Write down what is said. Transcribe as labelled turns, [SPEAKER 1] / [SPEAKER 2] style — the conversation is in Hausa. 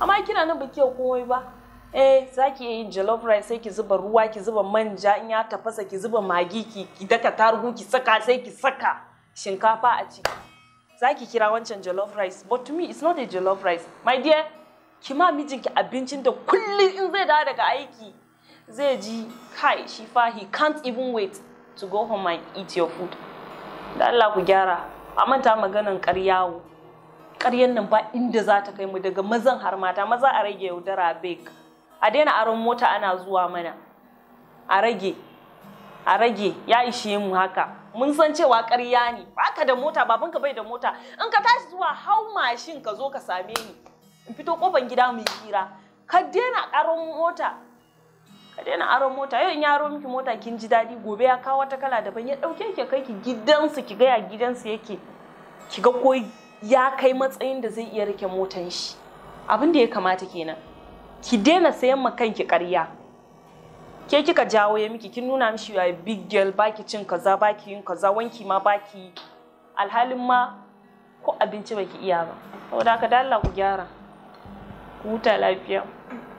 [SPEAKER 1] amma kina nan baki kiya komai ba eh za ki yi jollof rice sai ki zuba ruwa ki zuba manja in ya tafasa ki zuba magi ki ki daka tarugu ki saka sai ki saka shinkafa a ciki za ki kira wancan jollof rice but to me it's not a jollof rice my dear ki ma mijinki abincin da kullum in zai dawo daga aiki zai ji kai shi fa he can't even wait to go home and eat your food da Allah ku gyara a manta maganan karyawo ƙaryan nan ba inda za ta kai mu daga mazan har mata maza a rage yaudara bek a daina aron mota ana zuwa mana a rage a rage ya ishe mu haka mun san cewa ƙarya ne baka da mota babanka bai da mota in ka tashi zuwa hau mashin ka zo ka same ni in fito kofan gida mu hira ka daina aron mota ka daina aron mota yau in ya aro miki mota kin ji dadi gobe ya kawo wata kala daban ya ɗauke ki kai ki gidansu ki gaya gidansu yake ki ga koi ya kai matsayin da zai iya rike motan shi abin da ya kamata kenan ki daina sayan ma kanki ƙarya ke kika jawo ya miki kin nuna mishi ya big girl baki cin kaza baki yin kaza wanki ma baki alhalin ma ko abinci baki iya ba saboda haka da Allah ku gyara ku huta lafiya